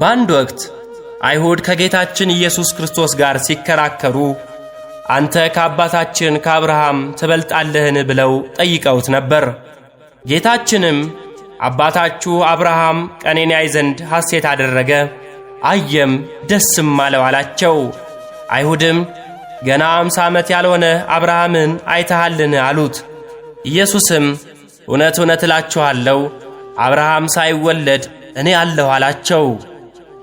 በአንድ ወቅት አይሁድ ከጌታችን ኢየሱስ ክርስቶስ ጋር ሲከራከሩ አንተ ከአባታችን ከአብርሃም ትበልጣለህን ብለው ጠይቀውት ነበር። ጌታችንም አባታችሁ አብርሃም ቀኔን ያይ ዘንድ ሐሴት አደረገ፣ አየም ደስም አለው አላቸው። አይሁድም ገና አምሳ ዓመት ያልሆነ አብርሃምን አይተሃልን አሉት። ኢየሱስም እውነት እውነት እላችኋለሁ አብርሃም ሳይወለድ እኔ አለሁ አላቸው።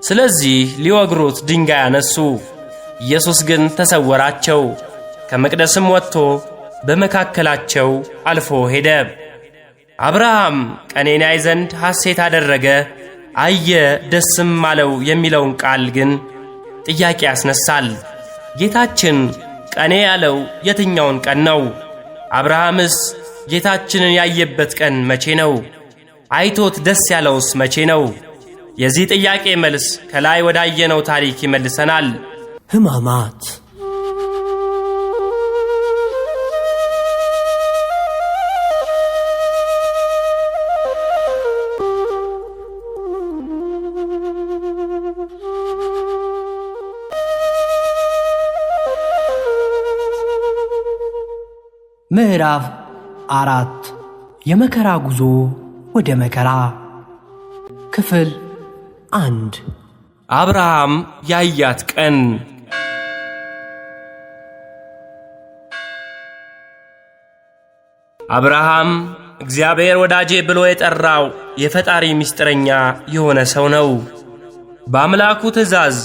ስለዚህ ሊወግሩት ድንጋይ አነሱ። ኢየሱስ ግን ተሰወራቸው፣ ከመቅደስም ወጥቶ በመካከላቸው አልፎ ሄደ። አብርሃም ቀኔን ያይ ዘንድ ሐሴት አደረገ፣ አየ፣ ደስም አለው የሚለውን ቃል ግን ጥያቄ ያስነሳል። ጌታችን ቀኔ ያለው የትኛውን ቀን ነው? አብርሃምስ ጌታችንን ያየበት ቀን መቼ ነው? አይቶት ደስ ያለውስ መቼ ነው? የዚህ ጥያቄ መልስ ከላይ ወዳየነው ታሪክ ይመልሰናል። ሕማማት ምዕራፍ አራት የመከራ ጉዞ ወደ መከራ ክፍል አንድ አብርሃም ያያት ቀን አብርሃም እግዚአብሔር ወዳጄ ብሎ የጠራው የፈጣሪ ምስጢረኛ የሆነ ሰው ነው። በአምላኩ ትእዛዝ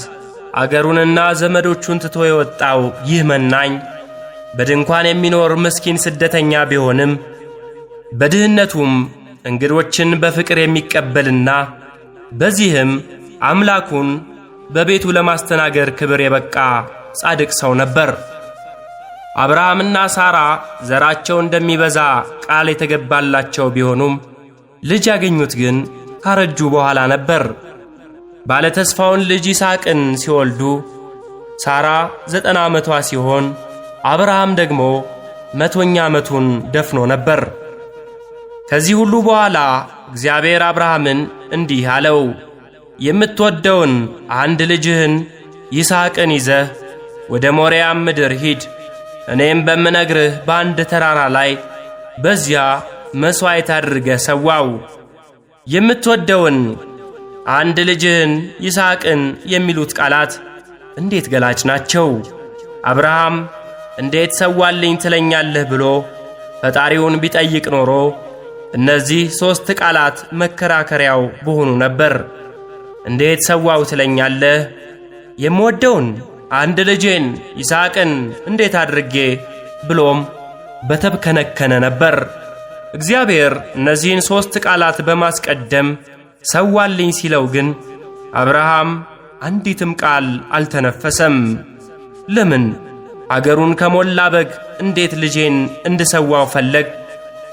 አገሩንና ዘመዶቹን ትቶ የወጣው ይህ መናኝ በድንኳን የሚኖር ምስኪን ስደተኛ ቢሆንም በድህነቱም እንግዶችን በፍቅር የሚቀበልና በዚህም አምላኩን በቤቱ ለማስተናገድ ክብር የበቃ ጻድቅ ሰው ነበር። አብርሃምና ሳራ ዘራቸው እንደሚበዛ ቃል የተገባላቸው ቢሆኑም ልጅ ያገኙት ግን ካረጁ በኋላ ነበር። ባለተስፋውን ልጅ ይስሐቅን ሲወልዱ ሳራ ዘጠና ዓመቷ ሲሆን አብርሃም ደግሞ መቶኛ ዓመቱን ደፍኖ ነበር። ከዚህ ሁሉ በኋላ እግዚአብሔር አብርሃምን እንዲህ አለው፣ የምትወደውን አንድ ልጅህን ይስሐቅን ይዘህ ወደ ሞሪያም ምድር ሂድ። እኔም በምነግርህ በአንድ ተራራ ላይ በዚያ መሥዋዕት አድርገህ ሰዋው። የምትወደውን አንድ ልጅህን ይስሐቅን የሚሉት ቃላት እንዴት ገላጭ ናቸው! አብርሃም እንዴት ሰዋልኝ ትለኛለህ ብሎ ፈጣሪውን ቢጠይቅ ኖሮ እነዚህ ሦስት ቃላት መከራከሪያው በሆኑ ነበር። እንዴት ሰዋው ትለኛለህ? የምወደውን አንድ ልጄን ይስሐቅን እንዴት አድርጌ ብሎም በተብከነከነ ነበር። እግዚአብሔር እነዚህን ሦስት ቃላት በማስቀደም ሰዋልኝ ሲለው ግን አብርሃም አንዲትም ቃል አልተነፈሰም። ለምን? አገሩን ከሞላ በግ እንዴት ልጄን እንድሰዋው ፈለግ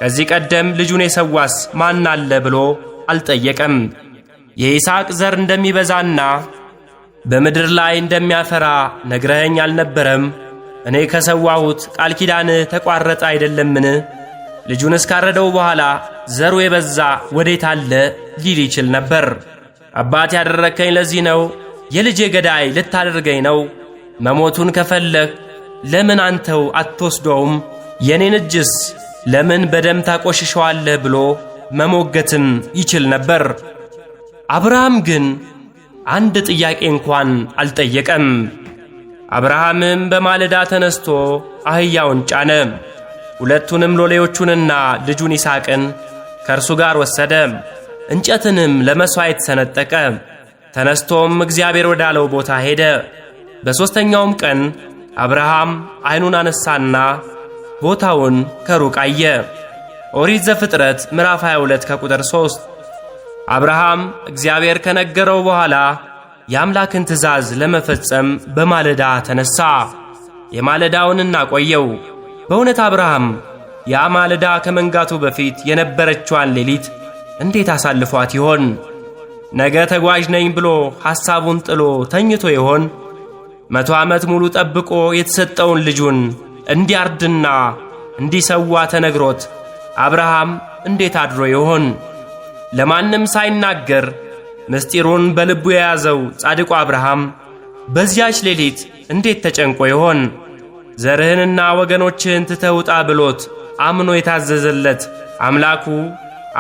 ከዚህ ቀደም ልጁን የሰዋስ ማን አለ ብሎ አልጠየቀም። የይስሐቅ ዘር እንደሚበዛና በምድር ላይ እንደሚያፈራ ነግረኸኝ አልነበረም? እኔ ከሰዋሁት ቃል ኪዳንህ ተቋረጠ አይደለምን? ልጁን እስካረደው በኋላ ዘሩ የበዛ ወዴት አለ ሊል ይችል ነበር። አባት ያደረግከኝ ለዚህ ነው። የልጄ ገዳይ ልታደርገኝ ነው። መሞቱን ከፈለግ ለምን አንተው አትወስደውም? የእኔን እጅስ ለምን በደም ታቆሽሸዋለህ ብሎ መሞገትም ይችል ነበር። አብርሃም ግን አንድ ጥያቄ እንኳን አልጠየቀም። አብርሃምም በማለዳ ተነስቶ አህያውን ጫነ፣ ሁለቱንም ሎሌዎቹንና ልጁን ይስሐቅን ከእርሱ ጋር ወሰደ፣ እንጨትንም ለመሥዋዕት ሰነጠቀ። ተነስቶም እግዚአብሔር ወዳለው ቦታ ሄደ። በሦስተኛውም ቀን አብርሃም ዐይኑን አነሳና ቦታውን ከሩቅ አየ። ኦሪት ዘፍጥረት ምዕራፍ 22 ከቁጥር 3። አብርሃም እግዚአብሔር ከነገረው በኋላ የአምላክን ትእዛዝ ለመፈጸም በማለዳ ተነሳ። የማለዳውን እናቆየው። በእውነት አብርሃም ያ ማለዳ ከመንጋቱ በፊት የነበረችዋን ሌሊት እንዴት አሳልፏት ይሆን? ነገ ተጓዥ ነኝ ብሎ ሐሳቡን ጥሎ ተኝቶ ይሆን? መቶ ዓመት ሙሉ ጠብቆ የተሰጠውን ልጁን እንዲያርድና እንዲሰዋ ተነግሮት አብርሃም እንዴት አድሮ ይሆን? ለማንም ሳይናገር ምስጢሩን በልቡ የያዘው ጻድቁ አብርሃም በዚያች ሌሊት እንዴት ተጨንቆ ይሆን? ዘርህንና ወገኖችህን ትተውጣ ብሎት አምኖ የታዘዘለት አምላኩ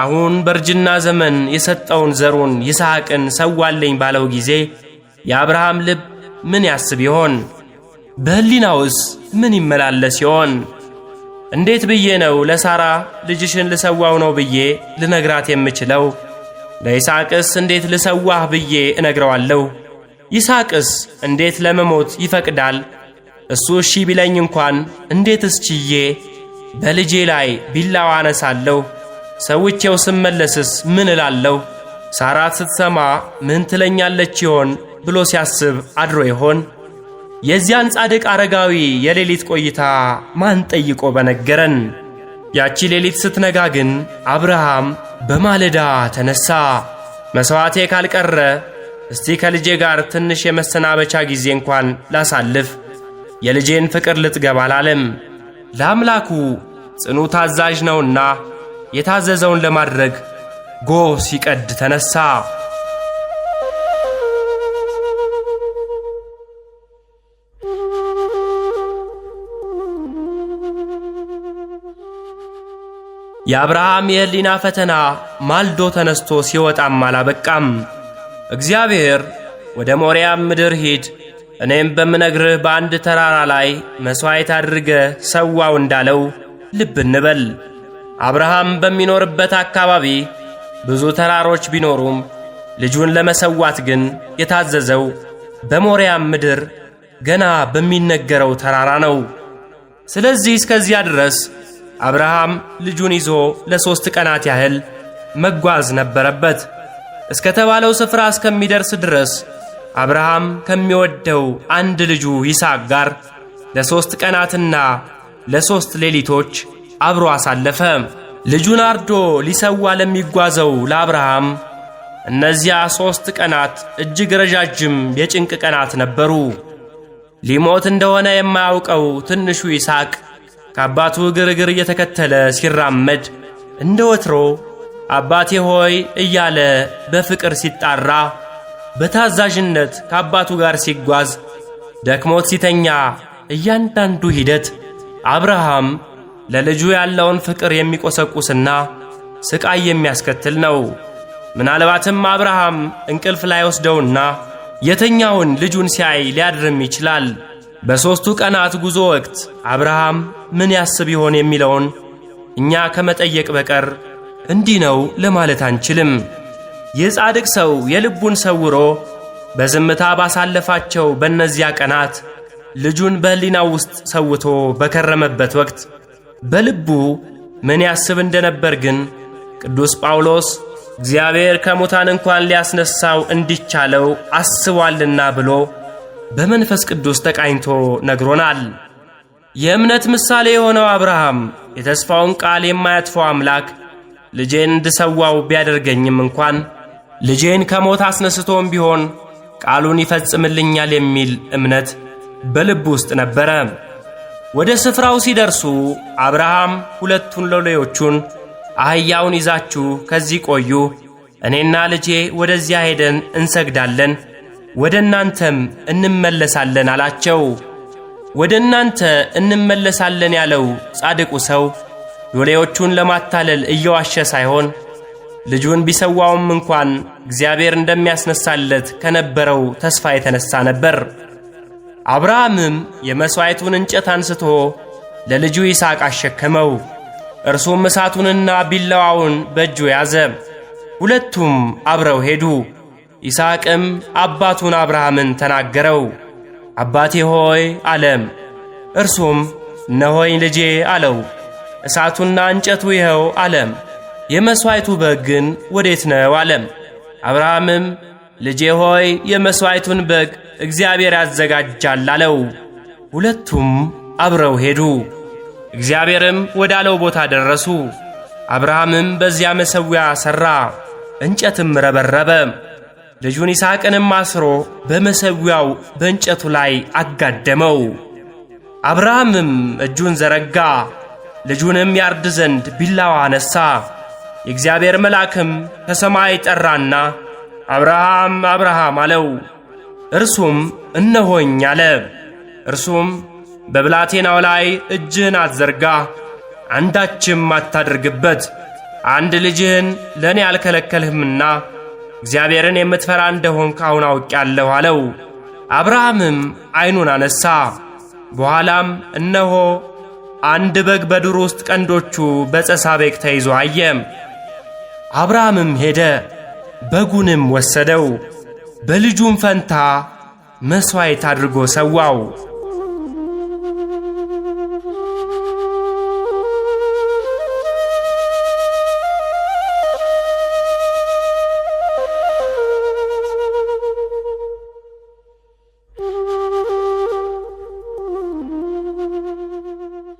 አሁን በእርጅና ዘመን የሰጠውን ዘሩን ይስሐቅን ሰዋለኝ ባለው ጊዜ የአብርሃም ልብ ምን ያስብ ይሆን? በህሊናውስ ምን ይመላለስ ይሆን? እንዴት ብዬ ነው ለሳራ ልጅሽን ልሰዋው ነው ብዬ ልነግራት የምችለው? ለይስሐቅስ እንዴት ልሰዋህ ብዬ እነግረዋለሁ? ይስሐቅስ እንዴት ለመሞት ይፈቅዳል? እሱ እሺ ቢለኝ እንኳን እንዴትስ ችዬ በልጄ ላይ ቢላዋ አነሳለሁ? ሰውቼው ስመለስስ ምን እላለሁ? ሳራ ስትሰማ ምን ትለኛለች ይሆን ብሎ ሲያስብ አድሮ ይሆን? የዚያን ጻድቅ አረጋዊ የሌሊት ቆይታ ማን ጠይቆ በነገረን? ያቺ ሌሊት ስትነጋ ግን አብርሃም በማለዳ ተነሣ። መሥዋዕቴ ካልቀረ እስቲ ከልጄ ጋር ትንሽ የመሰናበቻ ጊዜ እንኳን ላሳልፍ፣ የልጄን ፍቅር ልትገባ አላለም። ለአምላኩ ጽኑ ታዛዥ ነውና የታዘዘውን ለማድረግ ጎህ ሲቀድ ተነሣ። የአብርሃም የህሊና ፈተና ማልዶ ተነስቶ ሲወጣም አላበቃም። እግዚአብሔር ወደ ሞሪያም ምድር ሂድ፣ እኔም በምነግርህ በአንድ ተራራ ላይ መሥዋዕት አድርገ ሰዋው እንዳለው ልብ እንበል። አብርሃም በሚኖርበት አካባቢ ብዙ ተራሮች ቢኖሩም ልጁን ለመሰዋት ግን የታዘዘው በሞሪያም ምድር ገና በሚነገረው ተራራ ነው። ስለዚህ እስከዚያ ድረስ አብርሃም ልጁን ይዞ ለሦስት ቀናት ያህል መጓዝ ነበረበት። እስከ ተባለው ስፍራ እስከሚደርስ ድረስ አብርሃም ከሚወደው አንድ ልጁ ይስሐቅ ጋር ለሦስት ቀናትና ለሦስት ሌሊቶች አብሮ አሳለፈ። ልጁን አርዶ ሊሰዋ ለሚጓዘው ለአብርሃም እነዚያ ሦስት ቀናት እጅግ ረዣዥም የጭንቅ ቀናት ነበሩ። ሊሞት እንደሆነ የማያውቀው ትንሹ ይስሐቅ ከአባቱ እግር እግር እየተከተለ ሲራመድ እንደ ወትሮ አባቴ ሆይ እያለ በፍቅር ሲጣራ በታዛዥነት ከአባቱ ጋር ሲጓዝ ደክሞት ሲተኛ እያንዳንዱ ሂደት አብርሃም ለልጁ ያለውን ፍቅር የሚቆሰቁስና ስቃይ የሚያስከትል ነው። ምናልባትም አብርሃም እንቅልፍ ላይ ወስደውና የተኛውን ልጁን ሲያይ ሊያድርም ይችላል። በሦስቱ ቀናት ጉዞ ወቅት አብርሃም ምን ያስብ ይሆን የሚለውን እኛ ከመጠየቅ በቀር እንዲህ ነው ለማለት አንችልም። ይህ ጻድቅ ሰው የልቡን ሰውሮ በዝምታ ባሳለፋቸው በእነዚያ ቀናት ልጁን በሕሊናው ውስጥ ሰውቶ በከረመበት ወቅት በልቡ ምን ያስብ እንደነበር ግን ቅዱስ ጳውሎስ እግዚአብሔር ከሙታን እንኳን ሊያስነሳው እንዲቻለው አስቧልና ብሎ በመንፈስ ቅዱስ ተቃኝቶ ነግሮናል። የእምነት ምሳሌ የሆነው አብርሃም የተስፋውን ቃል የማያጥፈው አምላክ ልጄን እንድሰዋው ቢያደርገኝም እንኳን ልጄን ከሞት አስነስቶም ቢሆን ቃሉን ይፈጽምልኛል የሚል እምነት በልብ ውስጥ ነበረ። ወደ ስፍራው ሲደርሱ አብርሃም ሁለቱን ሎሌዎቹን አህያውን ይዛችሁ ከዚህ ቆዩ፣ እኔና ልጄ ወደዚያ ሄደን እንሰግዳለን፣ ወደ እናንተም እንመለሳለን አላቸው። ወደ እናንተ እንመለሳለን ያለው ጻድቁ ሰው ሎሌዎቹን ለማታለል እየዋሸ ሳይሆን ልጁን ቢሰዋውም እንኳን እግዚአብሔር እንደሚያስነሳለት ከነበረው ተስፋ የተነሳ ነበር። አብርሃምም የመሥዋዕቱን እንጨት አንስቶ ለልጁ ይስሐቅ አሸከመው። እርሱም እሳቱንና ቢላዋውን በእጁ ያዘ። ሁለቱም አብረው ሄዱ። ይስሐቅም አባቱን አብርሃምን ተናገረው። አባቴ ሆይ አለም። እርሱም እነሆኝ ልጄ አለው። እሳቱና እንጨቱ ይኸው አለም። የመሥዋዕቱ በግ ግን ወዴት ነው አለም። አብርሃምም ልጄ ሆይ የመሥዋዕቱን በግ እግዚአብሔር ያዘጋጃል አለው። ሁለቱም አብረው ሄዱ። እግዚአብሔርም ወዳለው ቦታ ደረሱ። አብርሃምም በዚያ መሠዊያ ሠራ፣ እንጨትም ረበረበ። ልጁን ይስሐቅንም አስሮ በመሠዊያው በእንጨቱ ላይ አጋደመው። አብርሃምም እጁን ዘረጋ፣ ልጁንም ያርድ ዘንድ ቢላዋ አነሣ። የእግዚአብሔር መልአክም ከሰማይ ጠራና አብርሃም አብርሃም አለው። እርሱም እነሆኝ አለ። እርሱም በብላቴናው ላይ እጅህን አትዘርጋ፣ አንዳችም አታድርግበት፣ አንድ ልጅህን ለእኔ አልከለከልህምና እግዚአብሔርን የምትፈራ እንደሆንክ አሁን አውቄአለሁ አለው። አብርሃምም ዐይኑን አነሣ። በኋላም እነሆ አንድ በግ በዱር ውስጥ ቀንዶቹ በፀሳቤቅ ተይዞ አየ። አብርሃምም ሄደ፣ በጉንም ወሰደው፣ በልጁም ፈንታ መሥዋዕት አድርጎ ሰዋው።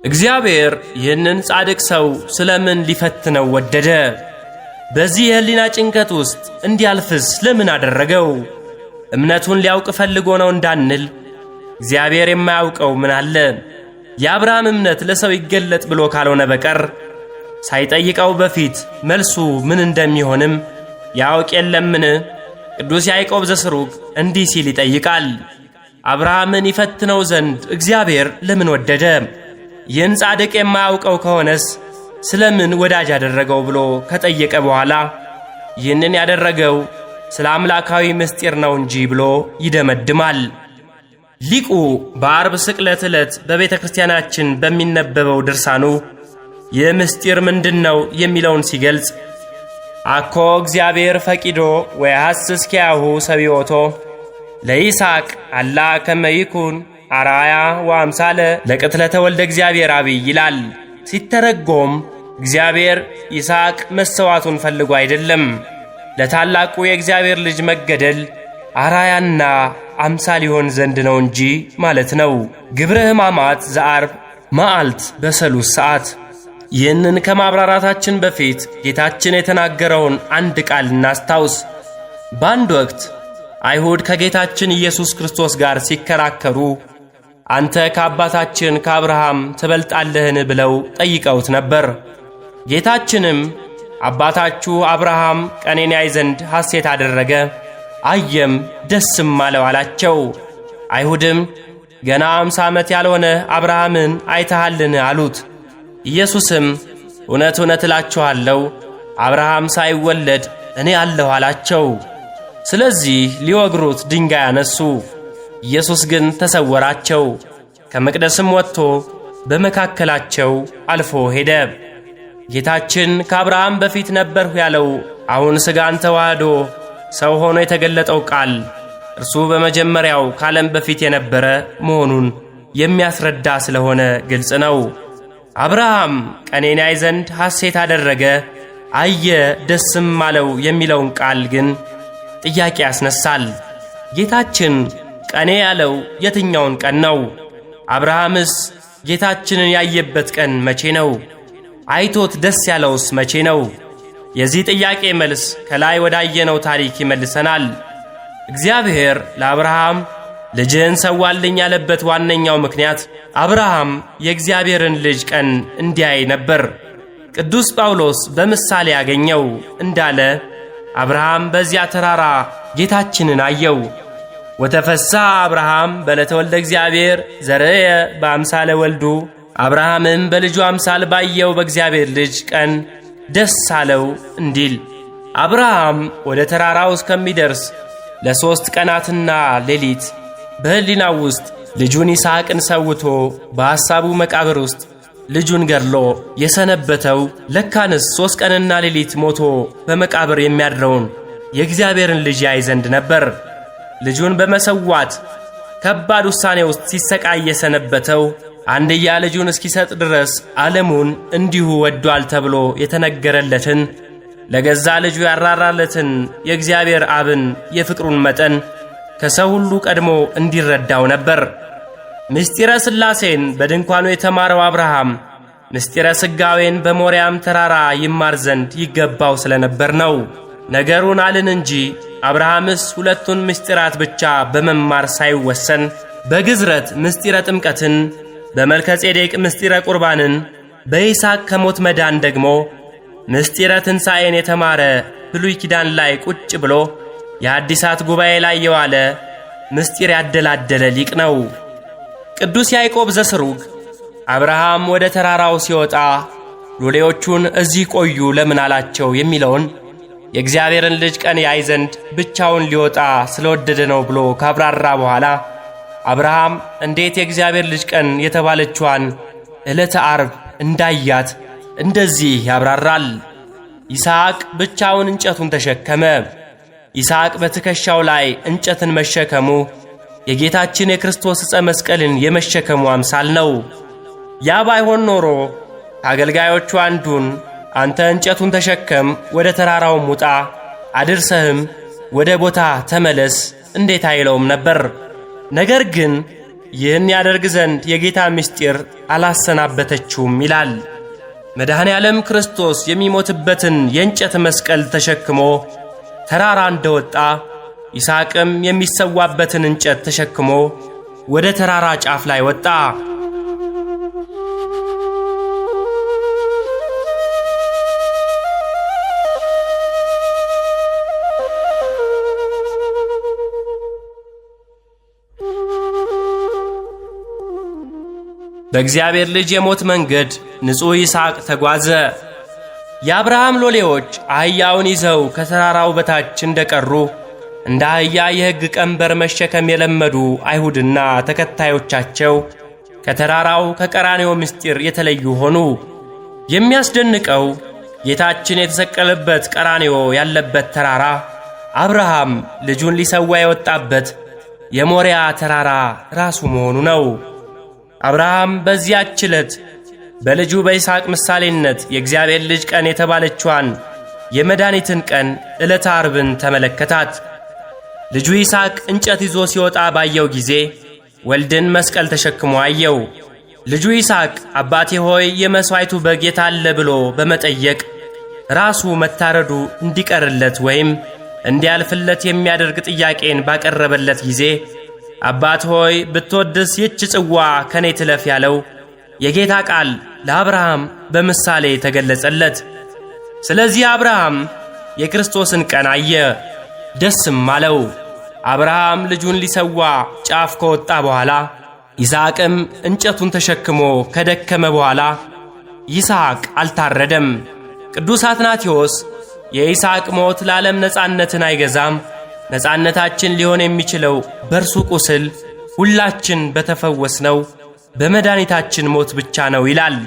እግዚአብሔር ይህንን ጻድቅ ሰው ስለምን ሊፈትነው ወደደ? በዚህ የህሊና ጭንቀት ውስጥ እንዲያልፍስ ለምን አደረገው? እምነቱን ሊያውቅ ፈልጎ ነው እንዳንል እግዚአብሔር የማያውቀው ምን አለ? የአብርሃም እምነት ለሰው ይገለጥ ብሎ ካልሆነ በቀር ሳይጠይቀው በፊት መልሱ ምን እንደሚሆንም ያውቅ የለምን? ቅዱስ ያዕቆብ ዘስሩግ እንዲህ ሲል ይጠይቃል፣ አብርሃምን ይፈትነው ዘንድ እግዚአብሔር ለምን ወደደ? ይህን ጻድቅ የማያውቀው ከሆነስ ስለምን ወዳጅ ያደረገው ብሎ ከጠየቀ በኋላ ይህንን ያደረገው ስለ አምላካዊ ምስጢር ነው እንጂ ብሎ ይደመድማል። ሊቁ በአርብ ስቅለት ዕለት በቤተ ክርስቲያናችን በሚነበበው ድርሳኑ ይህ ምስጢር ምንድን ነው የሚለውን ሲገልጽ አኮ እግዚአብሔር ፈቂዶ ሐስ እስኪያሁ ሰቢዮቶ ለይስሐቅ አላ ከመይኩን አራያ ወአምሳለ ለቅትለተ ወልደ እግዚአብሔር አብይ ይላል። ሲተረጎም እግዚአብሔር ይስሐቅ መሰዋቱን ፈልጎ አይደለም፣ ለታላቁ የእግዚአብሔር ልጅ መገደል አራያና አምሳል ሊሆን ዘንድ ነው እንጂ ማለት ነው። ግብረ ሕማማት ዘአርብ መዓልት በሰሉስ ሰዓት። ይህንን ከማብራራታችን በፊት ጌታችን የተናገረውን አንድ ቃል እናስታውስ። በአንድ ወቅት አይሁድ ከጌታችን ኢየሱስ ክርስቶስ ጋር ሲከራከሩ አንተ ከአባታችን ከአብርሃም ትበልጣለህን ብለው ጠይቀውት ነበር። ጌታችንም አባታችሁ አብርሃም ቀኔን ያይ ዘንድ ሐሴት አደረገ፣ አየም ደስም አለው አላቸው። አይሁድም ገና አምሳ ዓመት ያልሆነ አብርሃምን አይተሃልን አሉት። ኢየሱስም እውነት እውነት እላችኋለሁ አብርሃም ሳይወለድ እኔ አለሁ አላቸው። ስለዚህ ሊወግሩት ድንጋይ አነሱ። ኢየሱስ ግን ተሰወራቸው፣ ከመቅደስም ወጥቶ በመካከላቸው አልፎ ሄደ። ጌታችን ከአብርሃም በፊት ነበርሁ ያለው አሁን ሥጋን ተዋህዶ ሰው ሆኖ የተገለጠው ቃል እርሱ በመጀመሪያው ከዓለም በፊት የነበረ መሆኑን የሚያስረዳ ስለሆነ ግልጽ ነው። አብርሃም ቀኔን ያይ ዘንድ ሐሴት አደረገ፣ አየ፣ ደስም አለው የሚለውን ቃል ግን ጥያቄ ያስነሳል። ጌታችን ቀኔ ያለው የትኛውን ቀን ነው? አብርሃምስ ጌታችንን ያየበት ቀን መቼ ነው? አይቶት ደስ ያለውስ መቼ ነው? የዚህ ጥያቄ መልስ ከላይ ወዳየነው ታሪክ ይመልሰናል። እግዚአብሔር ለአብርሃም ልጅህን ሰዋልኝ ያለበት ዋነኛው ምክንያት አብርሃም የእግዚአብሔርን ልጅ ቀን እንዲያይ ነበር። ቅዱስ ጳውሎስ በምሳሌ ያገኘው እንዳለ አብርሃም በዚያ ተራራ ጌታችንን አየው። ወተፈሳ አብርሃም በለተወልደ እግዚአብሔር ዘርየ በአምሳለ ወልዱ አብርሃምም በልጁ አምሳል ባየው በእግዚአብሔር ልጅ ቀን ደስ አለው እንዲል አብርሃም ወደ ተራራው እስከሚደርስ ለሦስት ቀናትና ሌሊት በሕሊናው ውስጥ ልጁን ይስሐቅን ሰውቶ በሐሳቡ መቃብር ውስጥ ልጁን ገድሎ የሰነበተው ለካንስ ሦስት ቀንና ሌሊት ሞቶ በመቃብር የሚያድረውን የእግዚአብሔርን ልጅ ያይ ዘንድ ነበር። ልጁን በመሰዋት ከባድ ውሳኔ ውስጥ ሲሰቃይ የሰነበተው አንድያ ልጁን እስኪሰጥ ድረስ ዓለሙን እንዲሁ ወዷል ተብሎ የተነገረለትን ለገዛ ልጁ ያራራለትን የእግዚአብሔር አብን የፍቅሩን መጠን ከሰው ሁሉ ቀድሞ እንዲረዳው ነበር። ምስጢረ ሥላሴን በድንኳኑ የተማረው አብርሃም ምስጢረ ሥጋዌን በሞሪያም ተራራ ይማር ዘንድ ይገባው ስለነበር ነው። ነገሩን አልን እንጂ አብርሃምስ ሁለቱን ምስጢራት ብቻ በመማር ሳይወሰን በግዝረት ምስጢረ ጥምቀትን፣ በመልከጼዴቅ ምስጢረ ቁርባንን፣ በይስሐቅ ከሞት መዳን ደግሞ ምስጢረ ትንሣኤን የተማረ ብሉይ ኪዳን ላይ ቁጭ ብሎ የአዲሳት ጉባኤ ላይ የዋለ ምስጢር ያደላደለ ሊቅ ነው። ቅዱስ ያዕቆብ ዘስሩግ አብርሃም ወደ ተራራው ሲወጣ ሎሌዎቹን እዚህ ቆዩ ለምን አላቸው የሚለውን የእግዚአብሔርን ልጅ ቀን ያይ ዘንድ ብቻውን ሊወጣ ስለወደደ ነው ብሎ ካብራራ በኋላ አብርሃም እንዴት የእግዚአብሔር ልጅ ቀን የተባለችዋን ዕለተ አርብ እንዳያት እንደዚህ ያብራራል። ይስሐቅ ብቻውን እንጨቱን ተሸከመ። ይስሐቅ በትከሻው ላይ እንጨትን መሸከሙ የጌታችን የክርስቶስ ዕፀ መስቀልን የመሸከሙ አምሳል ነው። ያ ባይሆን ኖሮ አገልጋዮቹ አንዱን አንተ እንጨቱን ተሸከም፣ ወደ ተራራውም ውጣ፣ አድርሰህም ወደ ቦታ ተመለስ እንዴት አይለውም ነበር። ነገር ግን ይህን ያደርግ ዘንድ የጌታ ምስጢር አላሰናበተችውም ይላል። መድኃኔ ዓለም ክርስቶስ የሚሞትበትን የእንጨት መስቀል ተሸክሞ ተራራ እንደወጣ ይስሐቅም የሚሰዋበትን እንጨት ተሸክሞ ወደ ተራራ ጫፍ ላይ ወጣ። በእግዚአብሔር ልጅ የሞት መንገድ ንጹሕ ይስሐቅ ተጓዘ። የአብርሃም ሎሌዎች አህያውን ይዘው ከተራራው በታች እንደቀሩ እንደ አህያ የሕግ ቀንበር መሸከም የለመዱ አይሁድና ተከታዮቻቸው ከተራራው ከቀራኔው ምስጢር የተለዩ ሆኑ። የሚያስደንቀው ጌታችን የተሰቀለበት ቀራኔዎ ያለበት ተራራ አብርሃም ልጁን ሊሰዋ የወጣበት የሞሪያ ተራራ ራሱ መሆኑ ነው። አብርሃም በዚያች ዕለት በልጁ በይስሐቅ ምሳሌነት የእግዚአብሔር ልጅ ቀን የተባለችዋን የመድኃኒትን ቀን ዕለተ አርብን ተመለከታት። ልጁ ይስሐቅ እንጨት ይዞ ሲወጣ ባየው ጊዜ ወልድን መስቀል ተሸክሞ አየው። ልጁ ይስሐቅ አባቴ ሆይ የመሥዋዕቱ በግ የት አለ ብሎ በመጠየቅ ራሱ መታረዱ እንዲቀርለት ወይም እንዲያልፍለት የሚያደርግ ጥያቄን ባቀረበለት ጊዜ አባት ሆይ ብትወድስ ይች ጽዋ ከኔ ትለፍ ያለው የጌታ ቃል ለአብርሃም በምሳሌ ተገለጸለት። ስለዚህ አብርሃም የክርስቶስን ቀን አየ፣ ደስም አለው። አብርሃም ልጁን ሊሰዋ ጫፍ ከወጣ በኋላ ይስሐቅም እንጨቱን ተሸክሞ ከደከመ በኋላ ይስሐቅ አልታረደም። ቅዱስ አትናቴዎስ የይስሐቅ ሞት ለዓለም ነፃነትን አይገዛም ነፃነታችን ሊሆን የሚችለው በእርሱ ቁስል ሁላችን በተፈወስነው በመድኃኒታችን ሞት ብቻ ነው ይላል።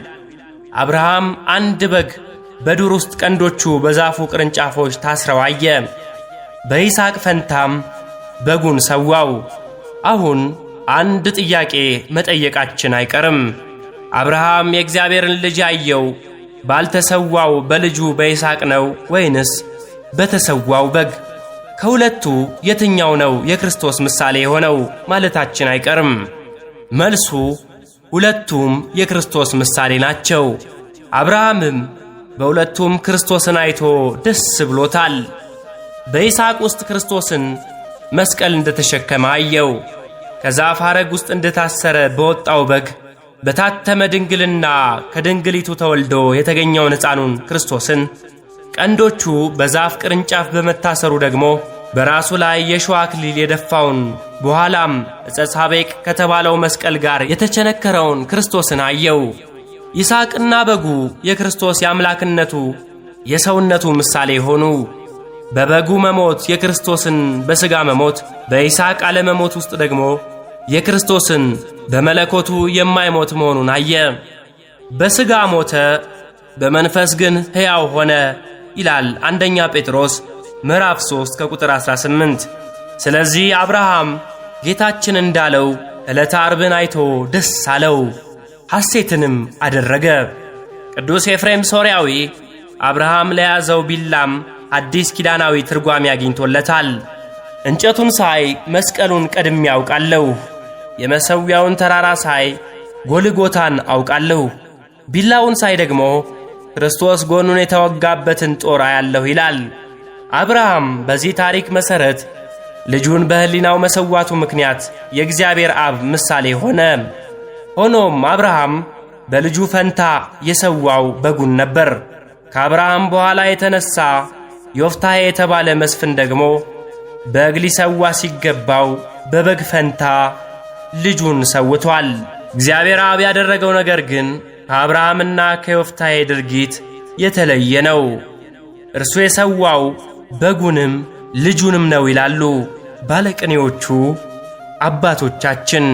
አብርሃም አንድ በግ በዱር ውስጥ ቀንዶቹ በዛፉ ቅርንጫፎች ታስረው አየ። በይስሐቅ ፈንታም በጉን ሰዋው። አሁን አንድ ጥያቄ መጠየቃችን አይቀርም። አብርሃም የእግዚአብሔርን ልጅ አየው ባልተሰዋው በልጁ በይስሐቅ ነው ወይንስ በተሰዋው በግ? ከሁለቱ የትኛው ነው የክርስቶስ ምሳሌ የሆነው ማለታችን አይቀርም። መልሱ ሁለቱም የክርስቶስ ምሳሌ ናቸው። አብርሃምም በሁለቱም ክርስቶስን አይቶ ደስ ብሎታል። በይስሐቅ ውስጥ ክርስቶስን መስቀል እንደተሸከመ አየው። ከዛፍ ሐረግ ውስጥ እንደታሰረ በወጣው በግ በታተመ ድንግልና ከድንግሊቱ ተወልዶ የተገኘውን ሕፃኑን ክርስቶስን ቀንዶቹ በዛፍ ቅርንጫፍ በመታሰሩ ደግሞ በራሱ ላይ የሸዋ አክሊል የደፋውን በኋላም ዕፀ ሳቤቅ ከተባለው መስቀል ጋር የተቸነከረውን ክርስቶስን አየው። ይስሐቅና በጉ የክርስቶስ የአምላክነቱ የሰውነቱ ምሳሌ ሆኑ። በበጉ መሞት የክርስቶስን በሥጋ መሞት፣ በይስሐቅ አለመሞት ውስጥ ደግሞ የክርስቶስን በመለኮቱ የማይሞት መሆኑን አየ። በሥጋ ሞተ፣ በመንፈስ ግን ሕያው ሆነ። ይላል አንደኛ ጴጥሮስ ምዕራፍ 3 ከቁጥር 18። ስለዚህ አብርሃም ጌታችን እንዳለው ዕለተ አርብን አይቶ ደስ አለው፣ ሐሴትንም አደረገ። ቅዱስ ኤፍሬም ሶርያዊ አብርሃም ለያዘው ቢላም አዲስ ኪዳናዊ ትርጓሜ አግኝቶለታል። እንጨቱን ሳይ መስቀሉን ቀድሜ አውቃለሁ፣ የመሠዊያውን ተራራ ሳይ ጎልጎታን አውቃለሁ፣ ቢላውን ሳይ ደግሞ ክርስቶስ ጎኑን የተወጋበትን ጦር አያለሁ ይላል። አብርሃም በዚህ ታሪክ መሠረት ልጁን በሕሊናው መሰዋቱ ምክንያት የእግዚአብሔር አብ ምሳሌ ሆነ። ሆኖም አብርሃም በልጁ ፈንታ የሰዋው በጉን ነበር። ከአብርሃም በኋላ የተነሣ ዮፍታሔ የተባለ መስፍን ደግሞ በግ ሊሰዋ ሲገባው በበግ ፈንታ ልጁን ሰውቷል። እግዚአብሔር አብ ያደረገው ነገር ግን ከአብርሃምና ከዮፍታሔ ድርጊት የተለየ ነው። እርሱ የሰዋው በጉንም ልጁንም ነው ይላሉ ባለቅኔዎቹ አባቶቻችን።